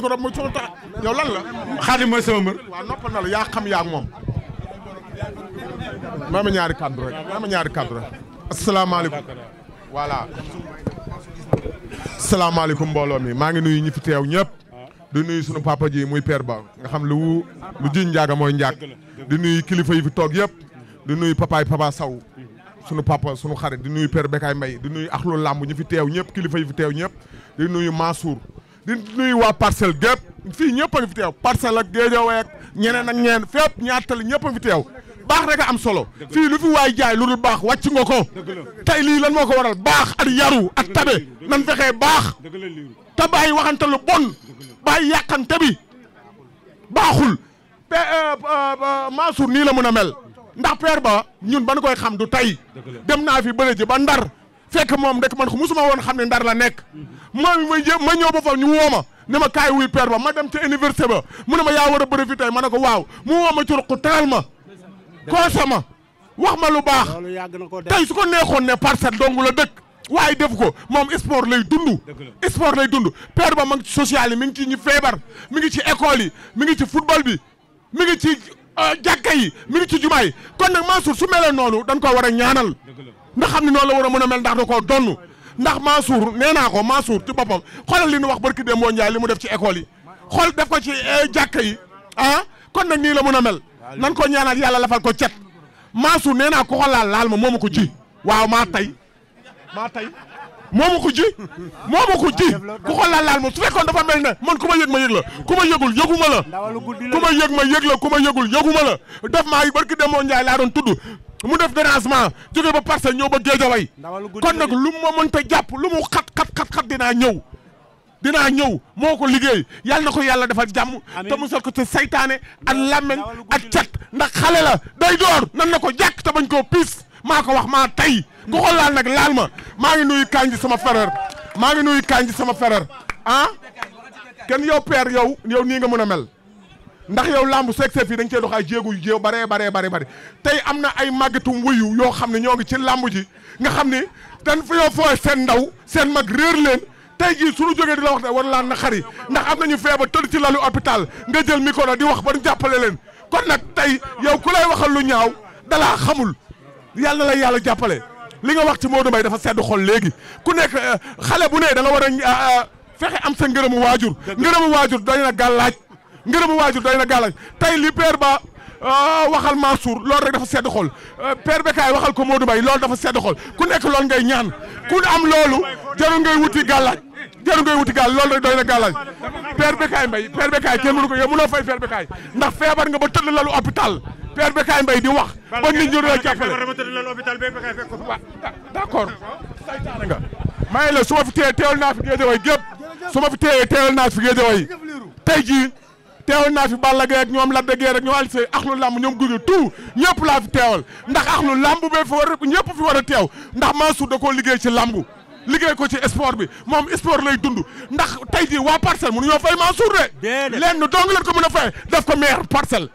micro muy sama tax yow lan la. Xaadim mooy sama xam yaa moom. maa ñaari kàddu rek ñaari kàddu rek. voilà. asalaamaaleykum mbooloo mi maa ngi nuyu ñi fi teew ñëpp. di nuyu sunu papa ji muy père ba nga xam lu lu ji njaaga mooy njaag. di nuyu kilifa yi fi toog yëpp. di nuyu papaay papa saw sunu papa sunu xarit di nuyu père Bekaay Mbaye di nuyu axlu làmb ñu fi teew ñëpp kilifa yi fi teew ñëpp. di nuyu Mansour. di nuyu waa parcelle gépp fii ñëpp a fi teew parcelle ak géejawee ak ñeneen ak ñeneen fépp ñaatali ñëpp a ngi fi teew baax rek am solo fii lu fi waay jaay lu dul baax wàcc nga ko tey lii lan moo ko waral baax a yaru ak tabe nan fexee baax te bàyyi waxante lu bon bàyyi yàqante bi baaxul pe euh, euh, euh, Mansour nii la mën a mel ndax peer ba ñun ban koy xam du tey dem naa fi bële ba ndar fekk moom rek man musuma woon xam ne ndar la nekk moom ma ma ñëw ba fa ñu woo ma ne ma kaay wuy père ba ma dem ca université ba mu ne ma yaa war a bëri fi tey ma ne ko waaw mu woo ma ci ruq taal ma koosa ma wax ma lu baax tey su ko neexoon ne parcelle dong la dëkk waaye def ko moom sport lay dund sport lay dund père ba ma ngi ci social yi mi ngi ci ñu feebar mi ngi ci école yi mi ngi ci football bi mi ngi ci euh, jàkka yi mi ngi ci jumaa yi kon nag Mansour su melee noonu dañ ko war a ñaanal ndax xam ne noonu la war a mën a mel ndax da koo donn ndax Mansour nee naa ko Mansour ci boppam xoolal li ñu wax barki Demba Ndiaye li mu def ci école yi xool def ko ci eh, jàkka yi ah kon na nii la mën a mel nan ko ñaanaat yàlla lafal ko cet Mansour nee naa ko xool laal ma moomu ko ji waaw maa tey maa tey moo ma ko ji moo ma ko ji ku ko laal laal moom su fekkoon dafa mel ne man ku ma yëg ma yëg la ku ma yëgul yëgu ma la ku ma yëg ma yëg la ku ma yëgul yëgu ma la def maa yi barki demoo Njaay laa doon tudd mu def dérangement jóge ba Parcelles ñëw ba Géejawaay kon nag lu ma mënta jàpp lu mu xat xat xat xat dinaa ñëw dinaa ñëw moo ko liggéey yàlla na ko yàlla defal jàmm te musal ko ci saytaane ak làmmeñ ak cat ndax xale la day door nan na ko jàkk te bañ koo piis maa ko wax maa tey ku ko laal nag laal ma maa ngi nuyu Kandji sama frère maa ngi nuyu Kandji sama frère ah kenn yow père yow yow nii nga mën a mel ndax yow lamb seeg seeg fii dañ cee dox ay jéegu jéew baree baree bare tey am ay màggatum wuyu yoo xam ne ci lamb ji nga ndaw mag réer leen suñu jógee di la wax war la na xari ndax am nañu feebar tëdd ci lalu hôpital nga jël micro di wax ba ñu jàppale leen kon nak tay yow ku lay waxal lu ñaaw la xamul yàlla la yàlla jàppale li nga wax ci Modou Mbaye dafa sedd xol léegi ku nekk euh, xale bu ne da nga war a euh, fexe am sa ngërëmu waajur ngërëmu waajur doy na gàllaaj ngërëmu waajur doy na gàllaaj tey li père ba euh, waxal Mansour loolu rek dafa sedd xol père Bekaay waxal ko Modou Mbaye loolu dafa sedd xol ku nekk lool ngay ñaan ku am loolu jarul ngay wuti gàllaaj jaru ngay wuti gaal loolu rek doy na gàllaaj père Bécaye Mbaye père Bécaye kenn mënu ko yow mënoo fay père Bécaye ndax feebar nga ba tëdd lalu hôpital père Bécaye Mbaye di wax ba nit ñu doon jàppale waaw d'accord maa ngi la su ma fi téye teewal naa fi Guédiawaye gépp su ma fi téye teewal naa fi Guédiawaye tey jii teewal naa fi Balla Gaye ñoom Lac de Guiers ak ñoom Alioune Seye axlu làmb ñoom gugi tout ñëpp laa fi teewal ndax axlu làmb bee fi war ñëpp fi war a teew ndax Mansour da koo liggéey ci làmb liggéey ko ci sport bi moom sport lay dund ndax tey jii waa parcelle mënuñoo fay Mansour de lenn dong leen ko mën a fay def ko maire parcelle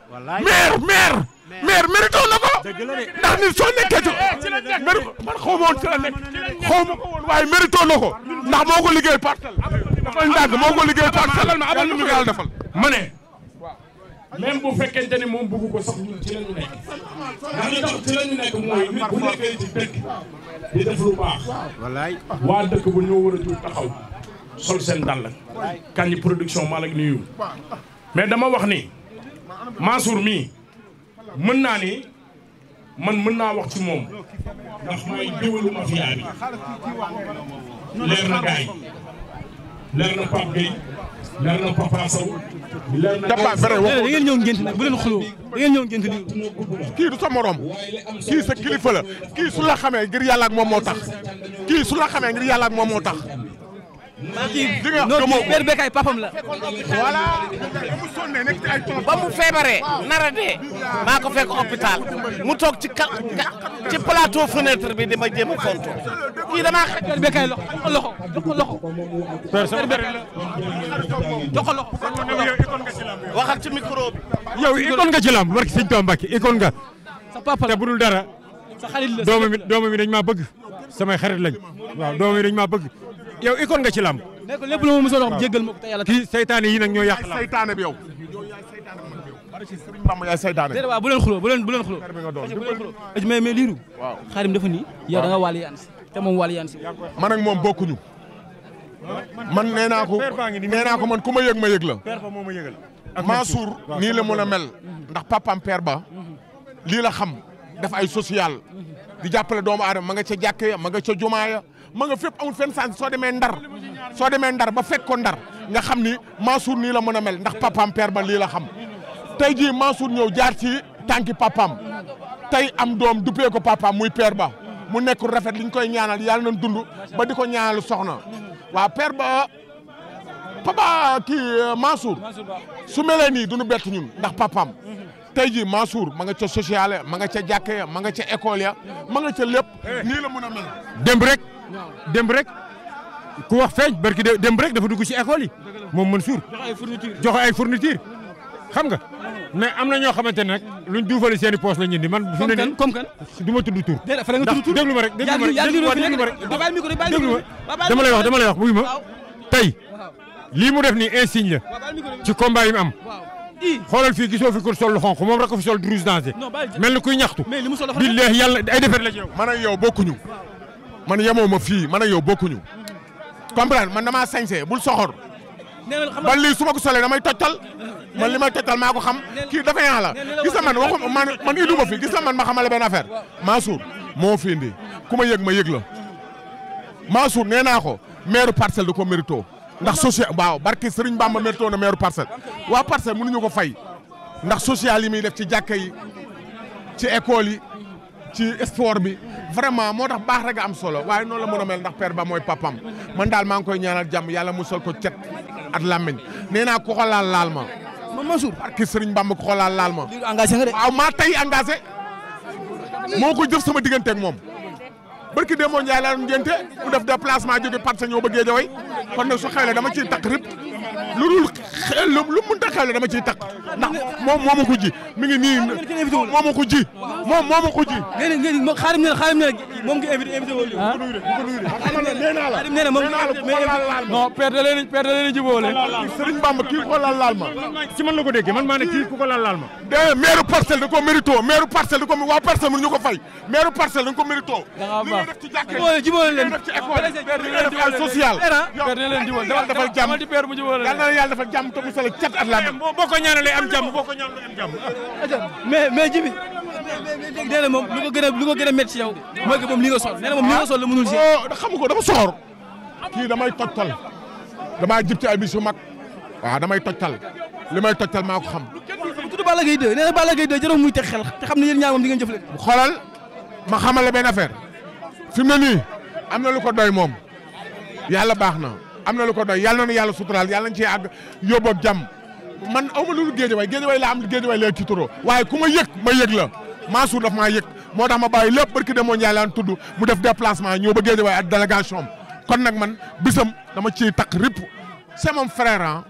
maire maire na ko ndax nit soo nekkee ci mérito man xaw ma woon ci la nekk ko woon waaye mérito ko ndax moo ko liggéey parcelle dafay ndàgg moo ko ma parcelle yàlla na ko yàlla defal ma ne moom bëgg ko sax ñun di def lu baax. waa dëkk bu ñoo war taxaw. sol seen dàll. kañ production maa la nuyu. mais dama wax ni Mansour mii mën naa ni man mën naa wax ci moom ndax mooy déwalu mafia bi leer na gaay leer na Pape Gueye leer na Papa Dabba a waxoo da ngeen ñëw ngént nag bu leen xuloo da ngeen ñëw ngént li kii du sa morom kii sa kilifa la kii su la xamee ngir yàlla ak kii su la xamee ngir yàlla ak non kii la. voilà. ba mu feebaree. nara dee. maa ko fekk hôpital mu toog ci ka ci plateau fenêtre bi dama jéem a fonto kii damaa xaj benn bekkaay loxo loxo loxo. personne loxo. waxal ci micro bi. yow icône nga ci lamb barki sëñ Tuubaa Mbàkke icône nga. sa papa la doomu mi doomu mi dañ maa bëgg. samay xarit lañ waaw dañ maa bëgg. yow icône nga ci làmb. ne lépp lu ma mos a wax jéggal ma ko te yi nag ñoo yàq làmb. saytaane bi yow. Sëriñ Bamba yaay saytaane. déedéet waaw bu leen xuloo bu leen bu leen xuloo. mais mais liiru. waaw xaarim dafa nii. yow da nga wàll yaan si te moom wàll yaan si. man ak moom bokkuñu. man nee naa ko nee naa ko man ku ma yëg ma yëg la. suur nii la mën a mel. Mm-hmm. ndax papaam père ba. lii la xam def ay social. Mm-hmm. di jàppale doomu aadama ma nga ca jàkkee ma nga ca jumaaya ma nga fépp amul fenn sens soo demee ndar soo demee ndar ba fekk ko ndar nga xam ni Mansour nii la mën a mel ndax papaam père ba lii la xam tey jii Mansour ñëw jaar ci tànki papaam tey am doom duppee ko papam muy père ba mu nekk rafet li ñu koy ñaanal yàlla na dund ba di ko ñaanal soxna waa père ba papa kii euh, Mansour su melee nii du ñu ñun ndax papaam tey jii Mansour ma nga ca social ma nga ca jàkka ya ma nga ca école ya ma nga ca lépp nii la mën a mel demb rek ku wax feeñ barki démb rek dafa dugg ci école yi moom Mansour joxe ay fourniture xam nga mais am na ñoo xamante ne nag luñ duufali seen i poos la ñu indi man. comme kan comme kan du tudd tur. déedéet fa la nga tudd tur ma rek déglu ma ma rek dama lay wax dama lay wax buy ma tey lii mu def nii insigne la ci combat yi mu am. xoolal fii gisoo fi kur sol xonq moom rek ko sol rouge dansé mel ni kuy ñaxtu. mais li ay defar la ci yow. man yow bokkuñu. man yemoo ma fii man ak yow bokkuñu comprendre man damaa sañse bul soxor man lii su ma ko solee damay tojtal man mas may tojtal maa ko xam kii dafa yaa la gis na man waxu man man indi ma fi gis na man ma xamale benn affaire Mansour moo fi indi ku ma yëg ma yëg la Mansour nee naa ko maire parcelle da ko mérito ndax social waaw barki Serigne Bamba mérito na maire parcelle waa parcelle mënuñu ko fay ndax social yi muy def ci jàkka ci école yi ci sport bi vraiment moo tax baax rek am solo waaye noonu la mën a mel ndax père ba mooy papam man daal maa ngi koy ñaanal jàmm yàlla musal ko cet at làmmiñ nee naa ku xolaal laal ma. ma Mansour barke Sëriñ Bamba ku xolaal laal ma. engagé nga de. waaw maa tey engagé moo ko jëf sama diggante ak moom barki Demba Ndiaye laa doon ngénte mu def déplacement jóge Patte Sagne ñoo ba Guédiawaye kon nag su xewlee dama ciy takk rip lu dul lu mu xewle dama ciy takk ndax moom moo ma ko ji mi ngi nii moo ma ko ji moom moo ma ko ji. moom nga invité invité woo. ah bu ko nuyu de bu ko nuyu Bamba kii xoolal laal ma. si man la ko déggee man maa kii ku xoolal ma. de maire parcelle ko mérito maire parcelle da ko waa parcelle mënuñu ko fay maire parcelle dañ ko mérito. da ngaa baax li nga def ci di eh, ko ñaanalee am jàmm boo ko ñaanalee am jibi moom lu ko gën a lu ko gën a ci yow mooy que moom li nga sol nee na moom li nga sol la mënul ah, ko dafa soxor kii damay tojtal damaa jib ci ay bis mag waaw ah, damay tojtal li may tojtal maa ko xam tudd Balla Gaye 2 nee Balla Gaye 2 jarul muy teg xel te xam ne yéen ñaar moom di ngeen jëfle xoolal ma xamal la benn affaire fi mu ne nii am na lu ko doy moom yàlla baax na am na lu ko doy yàlla na yàlla suturaal yàlla nañ ci àgg yóbbu ak jàmm man aw lu dul géej way géej way la am géej way lay waaye ku ma yëg ma la Mansour daf maa yëg moo tax ma bàyyi lépp barki demoo Ndiaye laan tudd mu def déplacement ñëw ba Guédiawaye ak délégation am kon nag man bisam dama ciy takk rip c'est mon frère ah.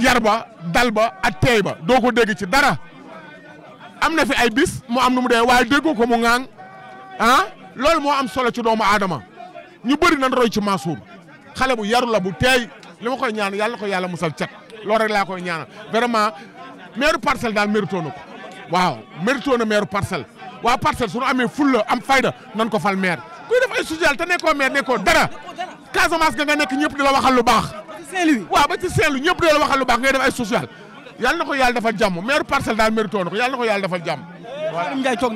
yar ba dal ba ak teey doo ko dégg ci dara am na fi ay bis mu am nu mu dee waaye déggu ko mu ŋaang ah loolu moo am solo ci doomu aadama ñu bëri nan roy ci Mansour xale bu yaru la bu teey li ma koy ñaan yàlla ko yàlla musal cat loolu rek laa koy ñaanal vraiment meeru parcelle daal méritoon na ko. waaw mérito na maire parcelle waa parcelle su ñu amee fulla am fayda nan ko fal meer kuy def ay social te nekkoo maire nekkoo dara Casamance nga nga nekk ñëpp di la waxal lu baax. waaw ba ci Saint-Louis ñëpp la waxal lu baax ngay def ay social yàlla na ko yàlla defal jàmm maire parcelle daal mérito na ko yàlla na ko yàlla defal jàmm. voilà Ndiaye toog